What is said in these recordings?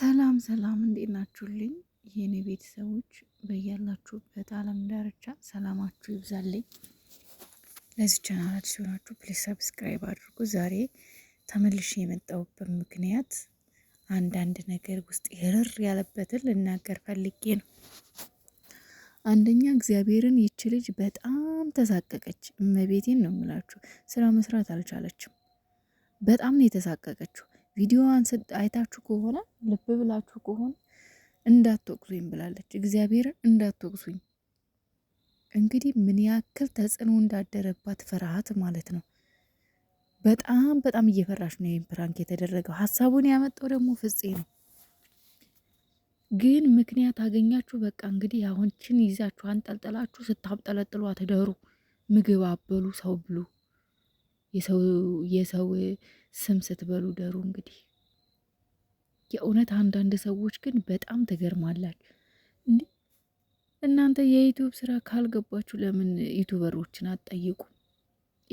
ሰላም ሰላም፣ እንዴት ናችሁልኝ የእኔ ቤተሰቦች? በያላችሁበት ዓለም ዳርቻ ሰላማችሁ ይብዛልኝ። ለዚህ ቻናል አዲስ ፕሊ ሰብስክራይብ አድርጉ። ዛሬ ተመልሼ የመጣሁበት ምክንያት አንዳንድ ነገር ውስጥ ይርር ያለበትን ልናገር ፈልጌ ነው። አንደኛ እግዚአብሔርን ይች ልጅ በጣም ተሳቀቀች። እመቤቴን ነው የምላችሁ፣ ስራ መስራት አልቻለችም። በጣም ነው የተሳቀቀችው። ቪዲዮዋን አይታችሁ ከሆነ ልብ ብላችሁ ከሆነ እንዳትወቅሱኝ ብላለች። እግዚአብሔርን እንዳትወቅሱኝ። እንግዲህ ምን ያክል ተጽዕኖ እንዳደረባት ፍርሃት ማለት ነው። በጣም በጣም እየፈራሽ ነው። ይህም ፕራንክ የተደረገው ሀሳቡን ያመጣው ደግሞ ፍፄ ነው። ግን ምክንያት አገኛችሁ። በቃ እንግዲህ አሁንችን ይዛችሁ አንጠልጠላችሁ ስታብጠለጥሉ አትደሩ። ምግብ አበሉ፣ ሰው ብሉ፣ የሰው ስም ስትበሉ ደሩ። እንግዲህ የእውነት አንዳንድ ሰዎች ግን በጣም ትገርማላችሁ። እንዲህ እናንተ የዩቱብ ስራ ካልገባችሁ ለምን ዩቱበሮችን አትጠይቁም?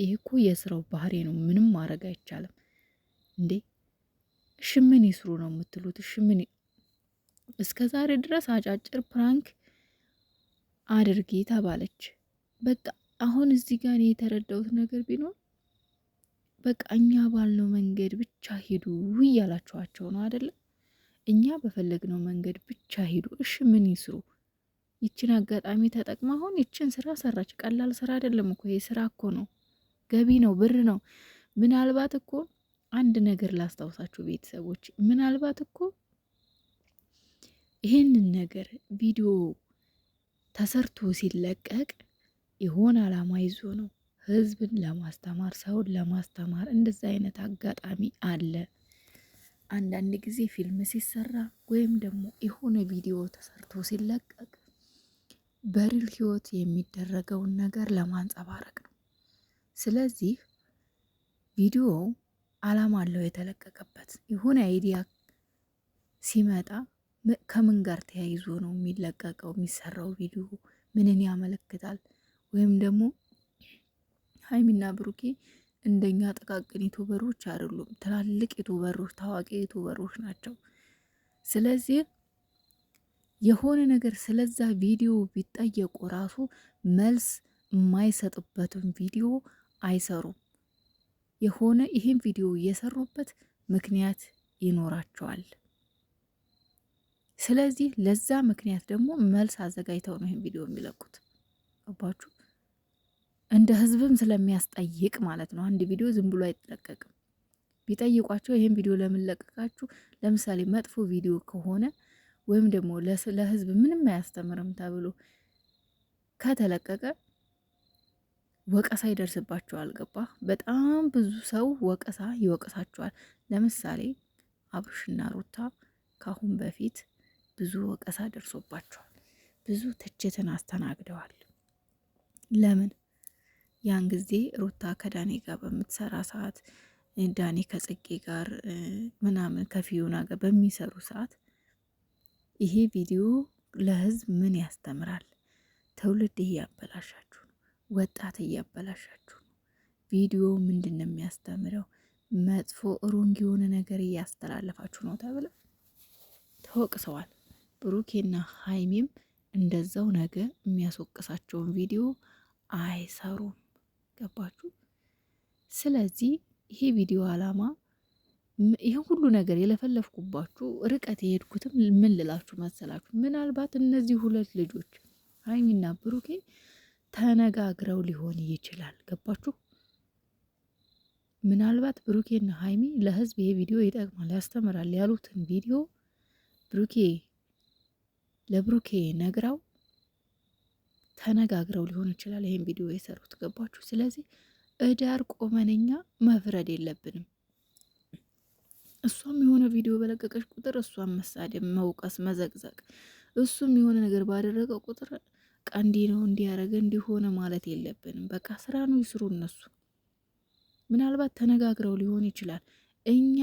ይህ እኮ የስራው ባህሪ ነው። ምንም ማድረግ አይቻልም እንዴ! ሽምን ይስሩ ነው የምትሉት? ሽምን እስከ ዛሬ ድረስ አጫጭር ፕራንክ አድርጌ ተባለች። በቃ አሁን እዚህ ጋር የተረዳሁት ነገር ቢኖር በቃ እኛ ባልነው መንገድ ብቻ ሂዱ እያላችኋቸው ነው አይደለም? እኛ በፈለግነው መንገድ ብቻ ሂዱ። እሺ ምን ይስሩ? ይችን አጋጣሚ ተጠቅመ አሁን ይችን ስራ ሰራች። ቀላል ስራ አይደለም እኮ ይሄ ስራ እኮ ነው፣ ገቢ ነው፣ ብር ነው። ምናልባት እኮ አንድ ነገር ላስታውሳችሁ ቤተሰቦች፣ ምናልባት እኮ ይህንን ነገር ቪዲዮ ተሰርቶ ሲለቀቅ የሆነ አላማ ይዞ ነው ህዝብን ለማስተማር ሰውን ለማስተማር እንደዚህ አይነት አጋጣሚ አለ። አንዳንድ ጊዜ ፊልም ሲሰራ ወይም ደግሞ የሆነ ቪዲዮ ተሰርቶ ሲለቀቅ በሪል ህይወት የሚደረገውን ነገር ለማንጸባረቅ ነው። ስለዚህ ቪዲዮ አላማ አለው። የተለቀቀበት የሆነ አይዲያ ሲመጣ ከምን ጋር ተያይዞ ነው የሚለቀቀው? የሚሰራው ቪዲዮ ምንን ያመለክታል? ወይም ደግሞ ሀይሚና ብሩኬ እንደኛ ጥቃቅን ዩቱበሮች አይደሉም። ትላልቅ ዩቱበሮች፣ ታዋቂ ዩቱበሮች ናቸው። ስለዚህ የሆነ ነገር ስለዛ ቪዲዮ ቢጠየቁ ራሱ መልስ የማይሰጥበትን ቪዲዮ አይሰሩም። የሆነ ይህን ቪዲዮ እየሰሩበት ምክንያት ይኖራቸዋል። ስለዚህ ለዛ ምክንያት ደግሞ መልስ አዘጋጅተው ነው ይህን ቪዲዮ የሚለቁት። አባችሁ እንደ ህዝብም ስለሚያስጠይቅ ማለት ነው። አንድ ቪዲዮ ዝም ብሎ አይጠቀቅም። ቢጠይቋቸው ይህን ቪዲዮ ለምንለቀቃችሁ፣ ለምሳሌ መጥፎ ቪዲዮ ከሆነ ወይም ደግሞ ለህዝብ ምንም አያስተምርም ተብሎ ከተለቀቀ ወቀሳ ይደርስባቸዋል። ገባ? በጣም ብዙ ሰው ወቀሳ ይወቀሳቸዋል። ለምሳሌ አብርሽና ሩታ ካሁን በፊት ብዙ ወቀሳ ደርሶባቸዋል። ብዙ ትችትን አስተናግደዋል። ለምን ያን ጊዜ ሩታ ከዳኔ ጋር በምትሰራ ሰዓት ዳኔ ከጽጌ ጋር ምናምን ከፊዮና ጋር በሚሰሩ ሰዓት ይሄ ቪዲዮ ለህዝብ ምን ያስተምራል? ትውልድ እያበላሻችሁ ነው። ወጣት እያበላሻችሁ ነው። ቪዲዮ ምንድን ነው የሚያስተምረው? መጥፎ ሮንግ የሆነ ነገር እያስተላለፋችሁ ነው ተብለ? ተወቅሰዋል። ብሩኬና ሀይሜም እንደዛው ነገ የሚያስወቅሳቸውን ቪዲዮ አይሰሩም። ገባችሁ? ስለዚህ ይሄ ቪዲዮ አላማ ይህን ሁሉ ነገር የለፈለፍኩባችሁ ርቀት የሄድኩትም ምን ልላችሁ መሰላችሁ? ምናልባት እነዚህ ሁለት ልጆች ሀይሚና ብሩኬ ተነጋግረው ሊሆን ይችላል። ገባችሁ? ምናልባት ብሩኬና ሀይሚ ለህዝብ ይሄ ቪዲዮ ይጠቅማል፣ ያስተምራል ያሉትን ቪዲዮ ብሩኬ ለብሩኬ ነግራው ተነጋግረው ሊሆን ይችላል ይሄን ቪዲዮ የሰሩት። ገባችሁ? ስለዚህ እዳር ቆመንኛ መፍረድ የለብንም። እሷም የሆነ ቪዲዮ በለቀቀች ቁጥር እሷም መሳደብ፣ መውቀስ፣ መዘቅዘቅ እሱም የሆነ ነገር ባደረገ ቁጥር ቀንዲ ነው እንዲያደረገ እንዲሆነ ማለት የለብንም። በቃ ስራ ነው ይስሩ እነሱ። ምናልባት ተነጋግረው ሊሆን ይችላል። እኛ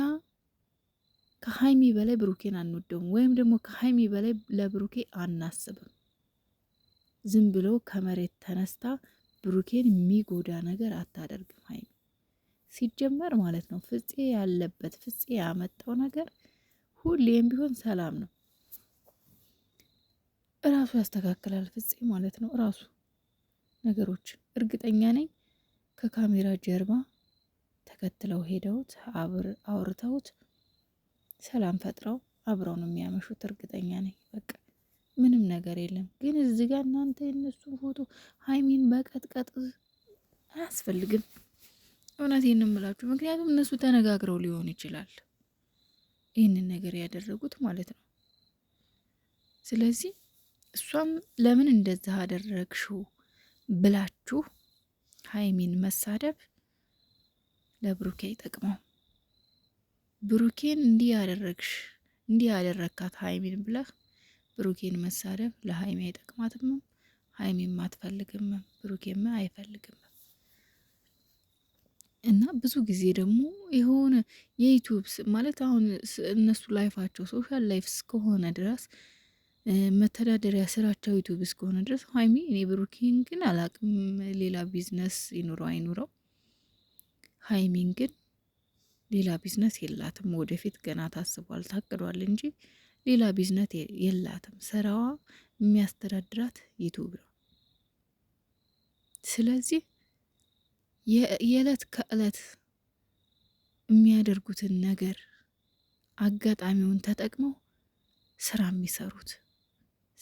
ከሀይሚ በላይ ብሩኬን አንወደውም፣ ወይም ደግሞ ከሀይሚ በላይ ለብሩኬ አናስብም። ዝም ብሎ ከመሬት ተነስታ ብሩኬን የሚጎዳ ነገር አታደርግም። ሀይሚ ሲጀመር ማለት ነው ፍፄ ያለበት ፍፄ ያመጣው ነገር ሁሌም ቢሆን ሰላም ነው። እራሱ ያስተካክላል ፍፄ ማለት ነው እራሱ ነገሮች እርግጠኛ ነኝ ከካሜራ ጀርባ ተከትለው ሄደውት አውርተውት ሰላም ፈጥረው አብረው ነው የሚያመሹት። እርግጠኛ ነኝ በቃ ምንም ነገር የለም። ግን እዚህ ጋር እናንተ የነሱን ፎቶ ሀይሚን በቀጥቀጥ አያስፈልግም። ይህን ምላችሁ፣ ምክንያቱም እነሱ ተነጋግረው ሊሆን ይችላል ይህንን ነገር ያደረጉት ማለት ነው። ስለዚህ እሷም ለምን እንደዛ አደረግሽው ብላችሁ ሀይሚን መሳደብ ለብሩኬ ይጠቅመው ብሩኬን እንዲህ ያደረግሽ እንዲህ ያደረግካት ሀይሚን ብለህ ብሩኬን መሳደብ ለሀይሚ አይጠቅማትም፣ ሀይሚም አትፈልግም፣ ብሩኬም አይፈልግም። እና ብዙ ጊዜ ደግሞ የሆነ የዩቲዩብ ማለት አሁን እነሱ ላይፋቸው ሶሻል ላይፍ እስከሆነ ድረስ መተዳደሪያ ስራቸው ዩቱብ እስከሆነ ድረስ ሀይሚ እኔ ብሩኬን ግን አላቅም፣ ሌላ ቢዝነስ ይኑረው አይኑረው፣ ሀይሚን ግን ሌላ ቢዝነስ የላትም። ወደፊት ገና ታስቧል ታቅዷል እንጂ ሌላ ቢዝነት የላትም። ስራዋ የሚያስተዳድራት ዩቱብ ነው። ስለዚህ የዕለት ከዕለት የሚያደርጉትን ነገር አጋጣሚውን ተጠቅመው ስራ የሚሰሩት።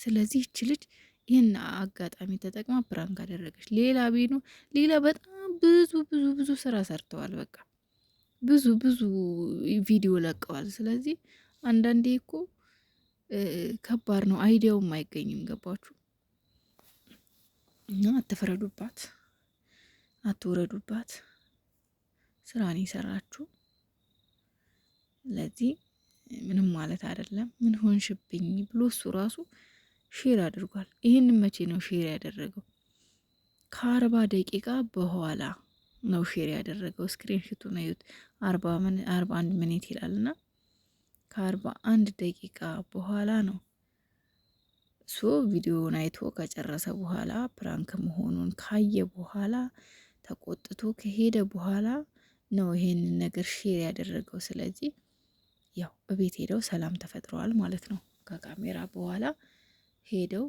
ስለዚህ ይች ልጅ ይህን አጋጣሚ ተጠቅማ ፕራንክ አደረገች። ሌላ ቤኖ ሌላ በጣም ብዙ ብዙ ብዙ ስራ ሰርተዋል። በቃ ብዙ ብዙ ቪዲዮ ለቀዋል። ስለዚህ አንዳንዴ እኮ ከባድ ነው። አይዲያውም አይገኝም። ገባችሁ እና አትፍረዱባት፣ አትውረዱባት። ስራን የሰራችሁ ስለዚህ ምንም ማለት አይደለም። ምን ሆንሽብኝ ብሎ እሱ ራሱ ሼር አድርጓል። ይህን መቼ ነው ሼር ያደረገው? ከአርባ ደቂቃ በኋላ ነው ሼር ያደረገው። ስክሪንሽቱን አዩት። አርባ አንድ ምኒት ይላል እና ከአርባ አንድ ደቂቃ በኋላ ነው። ሶ ቪዲዮውን አይቶ ከጨረሰ በኋላ ፕራንክ መሆኑን ካየ በኋላ ተቆጥቶ ከሄደ በኋላ ነው ይሄንን ነገር ሼር ያደረገው። ስለዚህ ያው እቤት ሄደው ሰላም ተፈጥረዋል ማለት ነው። ከካሜራ በኋላ ሄደው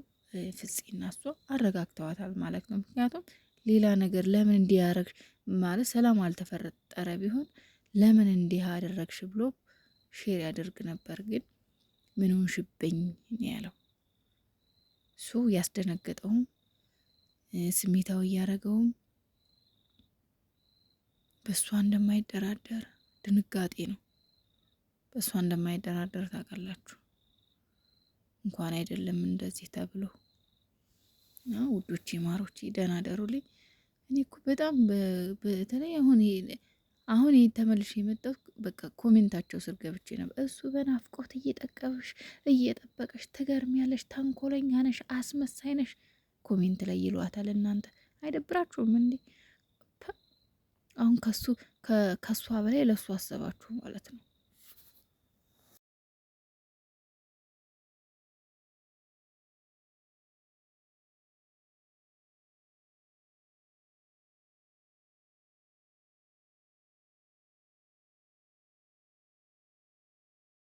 ፍጽና እሷ አረጋግተዋታል ማለት ነው። ምክንያቱም ሌላ ነገር ለምን እንዲያረግ ማለት ሰላም አልተፈጠረ ቢሆን ለምን እንዲህ አደረግሽ ብሎ ሼር ያደርግ ነበር። ግን ምንውን ሽብኝ ነው ያለው። እሱ ያስደነገጠውም ስሜታዊ እያደረገውም በእሷ እንደማይደራደር ድንጋጤ ነው። በእሷ እንደማይደራደር ታውቃላችሁ። እንኳን አይደለም እንደዚህ ተብሎ ውዶቼ፣ ማሮቼ ደህና ደሩልኝ። እኔ እኮ በጣም በተለይ አሁን አሁን ይህ ተመልሼ የመጣሁት በቃ ኮሜንታቸው ስር ገብቼ ነበር። እሱ በናፍቆት እየጠቀብሽ እየጠበቀሽ ትገርሚያለሽ፣ ተንኮለኛ ነሽ፣ አስመሳይ ነሽ ኮሜንት ላይ ይሏታል። እናንተ አይደብራችሁም እንዴ? አሁን ከሱ ከሷ በላይ ለሱ አሰባችሁ ማለት ነው።